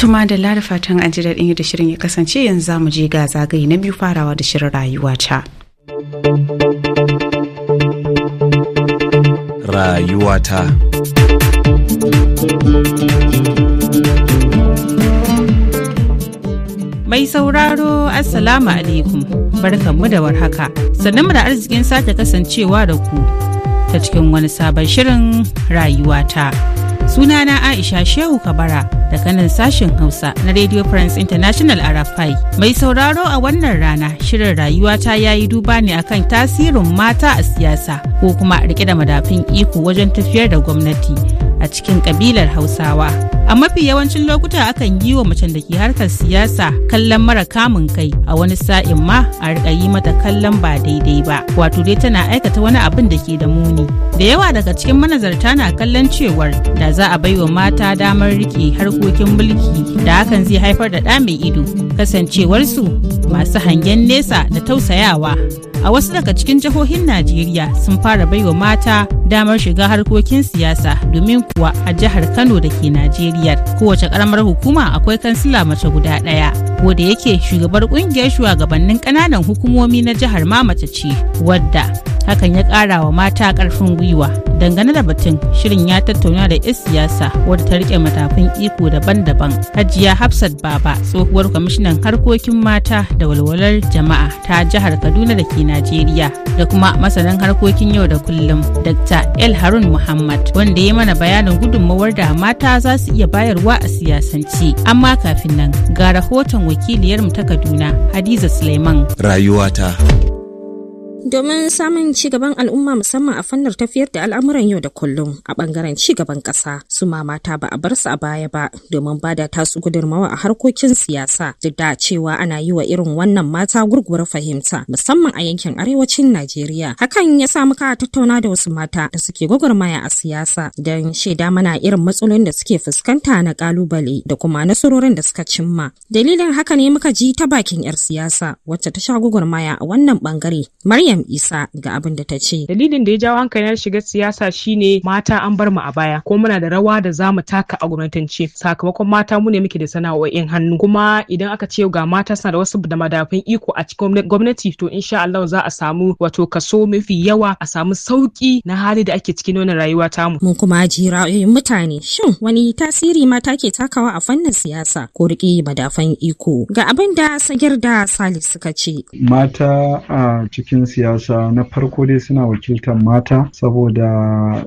Tuma da lada fatan an ji daɗin yadda shirin ya kasance yanzu za mu je ga zagaye na biyu farawa da shirin rayuwa ta. Rayuwa ta. Mai sauraro Assalamu alaikum barkanmu da warhaka sannan da arzikin sake kasancewa da ku ta cikin wani sabon shirin rayuwata sunana aisha shehu kabara daga nan sashen hausa na radio france international arafai mai sauraro a wannan rana shirin rayuwa ta yayi duba ne akan tasirin mata a siyasa ko kuma rike da madafin iko wajen tafiyar da gwamnati a cikin kabilar Hausawa. A mafi yawancin lokuta akan yi wa macen da ke harkar siyasa kallon mara kamun kai a wani sa'in ma a rika yi mata kallon ba daidai ba. Wato dai tana aikata wani abin da ke da muni. Da yawa daga cikin manazarta na kallon cewar da za a baiwa mata damar rike harkokin mulki da hakan zai haifar da ɗa mai ido kasancewarsu masu hangen nesa da tausayawa. a wasu daga cikin jihohin najeriya sun fara baiwa mata damar shiga harkokin siyasa domin kuwa a jihar kano da ke najeriya kowace karamar hukuma akwai kansila mace guda ɗaya ko yake shugabar kungiyar shugabannin ƙananan hukumomi na jihar ma mace ce wadda hakan ya ƙara wa mata karfin gwiwa dangane da batun shirin ya tattauna da 'yan siyasa wadda ta rike matafin iko daban-daban hajiya hafsat baba tsohuwar kwamishinan harkokin mata da walwalar jama'a ta jihar kaduna da ke najeriya da kuma masanin harkokin yau da kullum dr el harun muhammad wanda ya mana bayanin gudunmawar da mata za su iya bayarwa a siyasance amma kafin nan ga rahoton wakiliyarmu ta kaduna hadiza suleiman rayuwata domin samun ci gaban al'umma musamman a fannin tafiyar da al'amuran yau da kullum a bangaren ci gaban ƙasa su ma mata ba a bar su a baya ba domin ba da tasu gudunmawa a harkokin siyasa duk da cewa ana yi wa irin wannan mata gurguwar fahimta musamman a yankin arewacin Najeriya hakan ya sa muka tattauna da wasu mata da suke gwagwarmaya a siyasa don shaida mana irin matsalolin da suke fuskanta na kalubale da kuma nasarorin da suka cimma dalilin haka ne muka ji ta bakin 'yar siyasa wacce ta sha gwagwarmaya a wannan bangare Maryam Maryam Isa ga abin da ta ce. Dalilin da ya jawo hankali hankalin shiga siyasa shine mata an bar mu a baya ko muna da rawa da za mu taka a gwamnatance sakamakon mata mu ne muke da sana'o'in hannu kuma idan aka ce ga mata suna da wasu da madafin iko a cikin gwamnati to insha Allah za a samu wato kaso mafi yawa a samu sauki na hali da ake cikin wannan rayuwa ta mu. Mun kuma ji ra'ayoyin mutane shin wani tasiri mata ke takawa a fannin siyasa ko riƙe madafan iko ga abin da sagir da Salisu suka ce. Mata a cikin siyasa siyasa na farko dai suna wakiltar mata saboda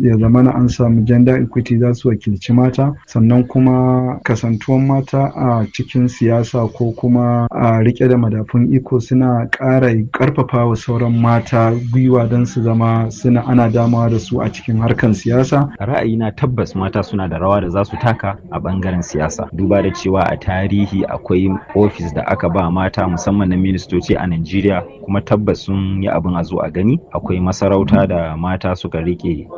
ya zama na an samu gender equity za su wakilci mata sannan kuma kasantuwan mata a cikin siyasa ko kuma a rike da madafun iko suna ƙara ƙarfafa wa sauran mata gwiwa don su zama suna ana damawa da su a cikin harkan siyasa ra'ayina tabbas mata suna da rawa da za su taka a bangaren siyasa duba da cewa a tarihi akwai ofis da aka ba mata musamman na ministoci a Najeriya kuma tabbas sun yi abin a zo a gani akwai masarauta da mata suka rike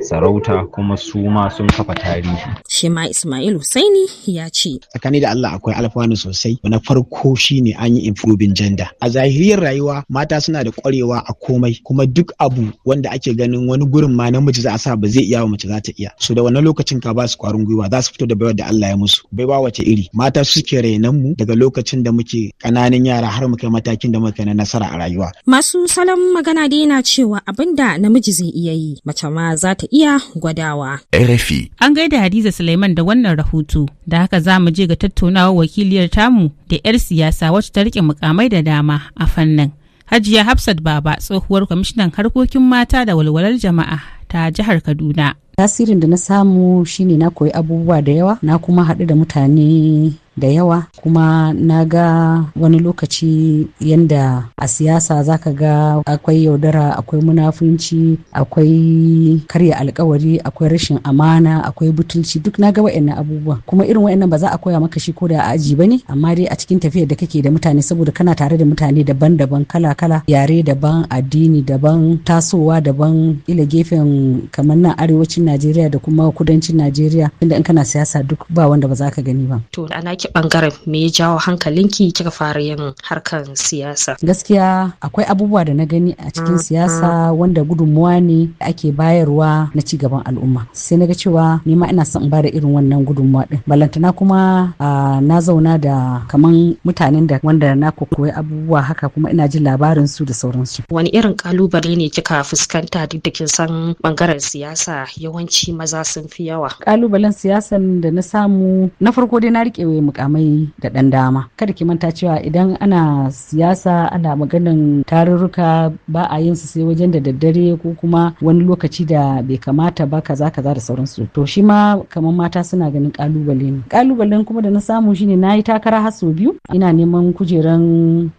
sarauta kuma su ma sun kafa tarihi Shema Ismail Husaini ya ce. Tsakani da Allah akwai alfanu sosai na farko shine an yi improving gender. A zahiriyar rayuwa mata suna da kwarewa a komai kuma duk abu wanda ake ganin wani gurin ma namiji za a sa ba zai iya wa mace za ta iya. So da wani lokacin ka ba su kwarin gwiwa za su fito da baiwar da Allah ya musu. Bai Baiwa wace iri mata suke rainan mu daga lokacin da muke kananan yara har mu kai matakin da muke na nasara a rayuwa. Masu salon magana dai yana cewa abinda namiji zai iya yi mace ma za ta iya gwadawa. RFI. An gaida Hadiza Suleiman da wannan rahoto. Da haka za mu je ga tattaunawa wakiliyar tamu da 'yar siyasa wacce ta rike mukamai da dama a fannin. Hajiya Hafsat Baba tsohuwar kwamishinan harkokin mata da walwalar jama'a ta jihar Kaduna. tasirin da na samu shine na koyi abubuwa da yawa na kuma haɗu da mutane da yawa kuma na ga wani lokaci yadda a siyasa za ka ga akwai yaudara akwai munafunci akwai karya alkawari akwai rashin amana akwai butulci duk na ga wa'annan abubuwa kuma irin wa'annan ba za a koya maka shi ko da a aji ne? amma dai a cikin tafiyar da kake da mutane saboda kana tare da mutane daban-daban kala-kala yare daban addini daban tasowa daban ila gefen kamar nan arewacin arewacin najeriya da kuma kudancin najeriya inda in kana siyasa duk ba wanda ba za ka gani ba to ana ki bangaren me ya jawo hankalinki kika fara yin harkan siyasa gaskiya akwai abubuwa da na gani a cikin mm-hmm. siyasa wanda gudunmuwa ne ake bayarwa na ci gaban al'umma sai na ga cewa ni ma ina son in bada irin wannan gudunmuwa din balantana kuma na zauna da kaman mutanen da wanda na koyi abubuwa haka kuma ina jin labarin su da sauransu wani irin kalubale ne kika fuskanta duk da kin san bangaren siyasa yau yawanci maza sun fi yawa kalubalen siyasan da na samu na farko dai na rike mukamai da dan dama kada ki manta cewa idan ana siyasa ana maganin tarurruka ba a yin su sai wajen da daddare ko kuma wani lokaci da bai kamata ba kaza kaza da sauransu to shi ma kamar mata suna ganin kalubale ne kalubalen kuma da na samu shine na yi takara har sau biyu ina neman kujeran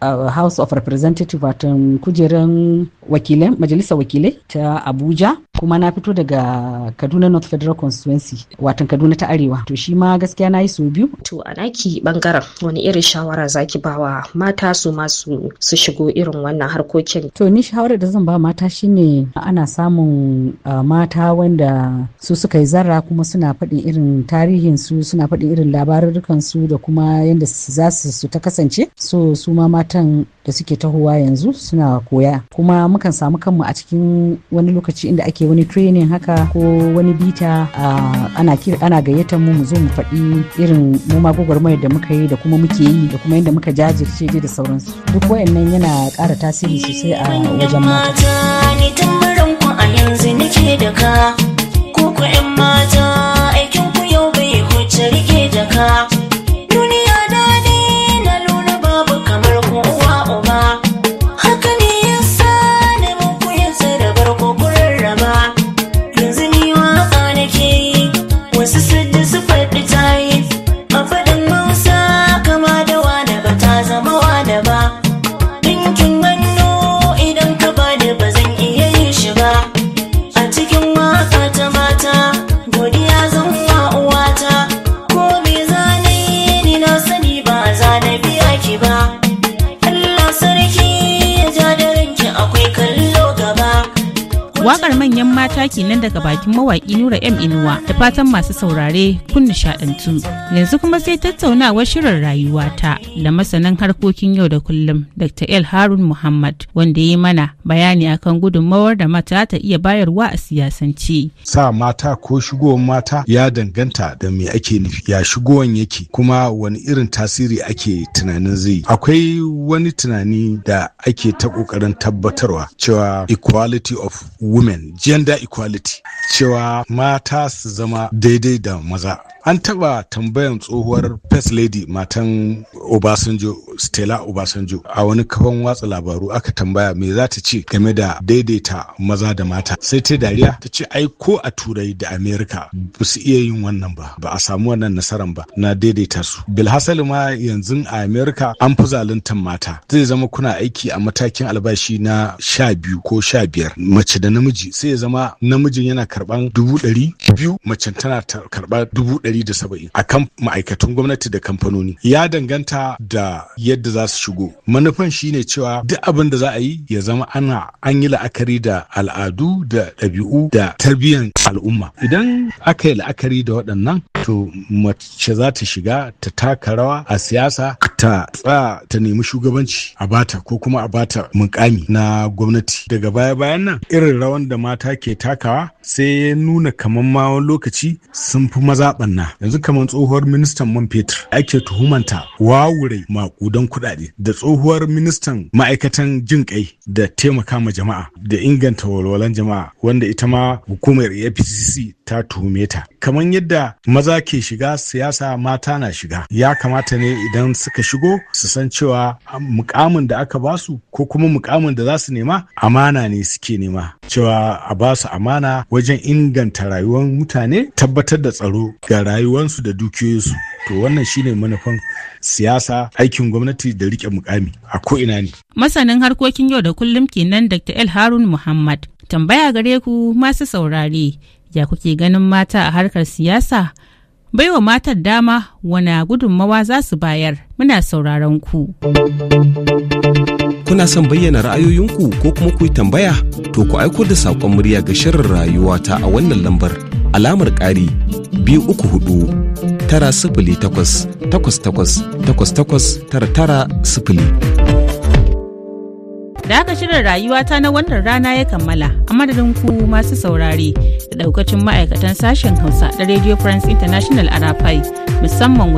uh, house of representatives watan kujeran wakilai majalisar wakilai ta abuja kuma na fito daga kaduna north federal constituency watan kaduna ta arewa to shi ma gaskiya na yi sau biyu to a naki bangaren wani irin shawara zaki bawa mata su masu su shigo irin wannan harkokin to ni shawarar da zan ba mata shine ana samun mata wanda su suka yi zarra kuma suna faɗin irin tarihin su suna faɗin irin labarurukan su da kuma yadda za su ta kasance so su ma matan da suke tahowa yanzu suna koya kuma mukan samu kanmu a cikin wani lokaci inda ake ake wani training haka ko wani bita ana ana gayyatar mu mu zo mu faɗi irin mu ma gwagwarmayar da muka yi da kuma muke yi da kuma yadda muka jajirce da sauransu duk wayannan yana ƙara tasiri sosai a wajen mata. Ku ku 'yan mata aikin ku yau bai huce rike jaka. Wakar manyan mata kenan daga bakin mawaki Nura M Inuwa da fatan masu saurare kun nishadantu. Yanzu kuma sai tattaunawar shirin rayuwa ta da masanan harkokin yau da kullum Dr. El Harun Muhammad wanda ya mana bayani akan gudunmawar da mata ta iya bayarwa a siyasance. Sa mata ko shigowar mata ya danganta da me ake nufi ya shigowan yake kuma wani irin tasiri ake tunanin zai. Akwai wani tunani da ake ta kokarin tabbatarwa cewa equality of women gender equality cewa mata su zama daidai da maza an taba tambayan tsohuwar first lady matan obasanjo stella obasanjo a wani kafan watsa labaru aka tambaya me za ta ce game da daidaita maza da mata sai ta dariya ta ce ai ko a turai da Amerika ba su iya yin wannan ba ba a samu wannan nasaran ba na daidaita su bilhassali ma yanzu a Amerika an fi zaluntar mata zai zama kuna aiki a matakin albashi na sha biyu ko sha biyar mace da namiji sai ya zama namijin yana karban dubu ɗari biyu mace tana karɓa dubu ɗari 170 akan ma'aikatun gwamnati da kamfanoni ya danganta da yadda za su shigo manufan shine cewa duk abin da za a yi ya zama ana an yi la'akari da al'adu da ɗabi'u da tarbiyyar al'umma idan aka yi la'akari da waɗannan to mace za ta shiga ta taka rawa a siyasa ta tsa ta nemi shugabanci a bata ko kuma a bata mukami na gwamnati daga baya bayan nan irin rawan da mata ke takawa sai ya nuna kamar ma wani lokaci sun fi maza ɓanna. yanzu kamar tsohuwar ministan man fetur ake tuhumanta wawure makudan kuɗaɗe da tsohuwar ministan ma'aikatan jin kai da taimaka ma jama'a da inganta walwalan jama'a wanda ita ma hukumar APCC ta tuhume ta kamar yadda maza ke shiga siyasa mata na shiga ya kamata ne idan suka shigo su san cewa mukamin da aka basu ko kuma mukamin da za su nema amana ne suke nema cewa a basu amana wajen inganta rayuwar mutane tabbatar da tsaro ga rayuwarsu da dukiyoyinsu to wannan shine manufan siyasa aikin gwamnati da rike mukami a ina ne masanin harkokin yau da kullum kenan dr el harun muhammad tambaya gare ku masu saurare ya kuke ganin mata a harkar siyasa baiwa matan dama wana gudunmawa za su bayar muna sauraron ku. Kuna son bayyana ra'ayoyinku ko kuma ku yi tambaya to ku aiko da saƙon murya ga shirin rayuwa ta a wannan lambar alamar ƙari biyu uku hudu tara sifili takwas takwas takwas takwas takwas tara tara sifili. Da haka shirin rayuwata na wannan rana ya kammala a madadin ku masu saurare da daukacin ma'aikatan sashen Hausa da Radio France International a musamman musamman